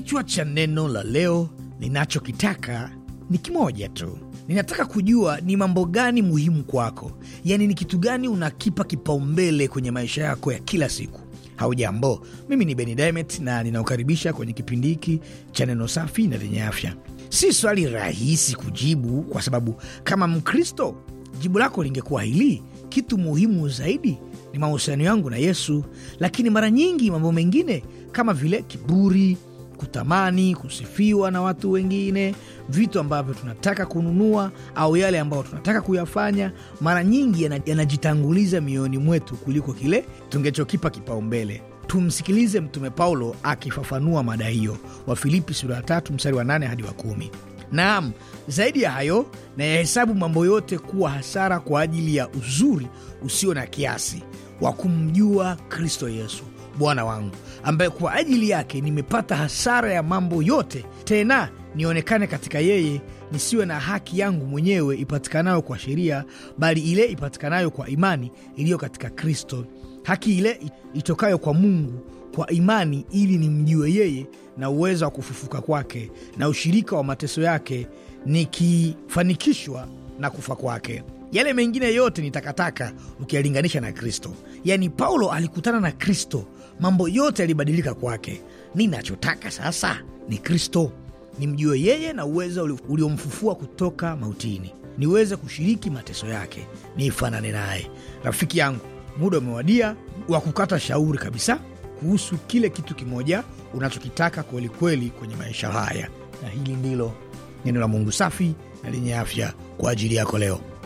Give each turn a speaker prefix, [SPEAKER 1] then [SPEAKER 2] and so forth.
[SPEAKER 1] Kichwa cha neno la leo ninachokitaka ni kimoja tu. Ninataka kujua ni mambo gani muhimu kwako, yaani ni kitu gani unakipa kipaumbele kwenye maisha yako ya kila siku. Haujambo, mimi ni Beni Dimet na ninakukaribisha kwenye kipindi hiki cha neno safi na lenye afya. Si swali rahisi kujibu, kwa sababu kama Mkristo jibu lako lingekuwa hili: kitu muhimu zaidi ni mahusiano yangu na Yesu. Lakini mara nyingi mambo mengine kama vile kiburi kutamani kusifiwa na watu wengine, vitu ambavyo tunataka kununua au yale ambayo tunataka kuyafanya, mara nyingi yanajitanguliza mioyoni mwetu kuliko kile tungechokipa kipaumbele. Tumsikilize Mtume Paulo akifafanua mada hiyo, Wafilipi sura ya tatu mstari wa nane hadi wa kumi. Naam, zaidi ya hayo na yahesabu mambo yote kuwa hasara kwa ajili ya uzuri usio na kiasi wa kumjua Kristo Yesu Bwana wangu, ambaye kwa ajili yake nimepata hasara ya mambo yote, tena nionekane katika yeye, nisiwe na haki yangu mwenyewe ipatikanayo kwa sheria, bali ile ipatikanayo kwa imani iliyo katika Kristo, haki ile itokayo kwa Mungu kwa imani, ili nimjue yeye na uwezo wa kufufuka kwake na ushirika wa mateso yake, nikifanikishwa na kufa kwake. Yale mengine yote ni takataka ukiyalinganisha na Kristo. Yaani, Paulo alikutana na Kristo mambo yote yalibadilika kwake. Ninachotaka sasa ni Kristo, nimjue yeye na uweza uliomfufua kutoka mautini, niweze kushiriki mateso yake, nifanane naye. Rafiki yangu, muda umewadia wa kukata shauri kabisa kuhusu kile kitu kimoja unachokitaka kwelikweli kwenye maisha haya, na hili ndilo neno la Mungu safi na lenye afya kwa ajili yako leo.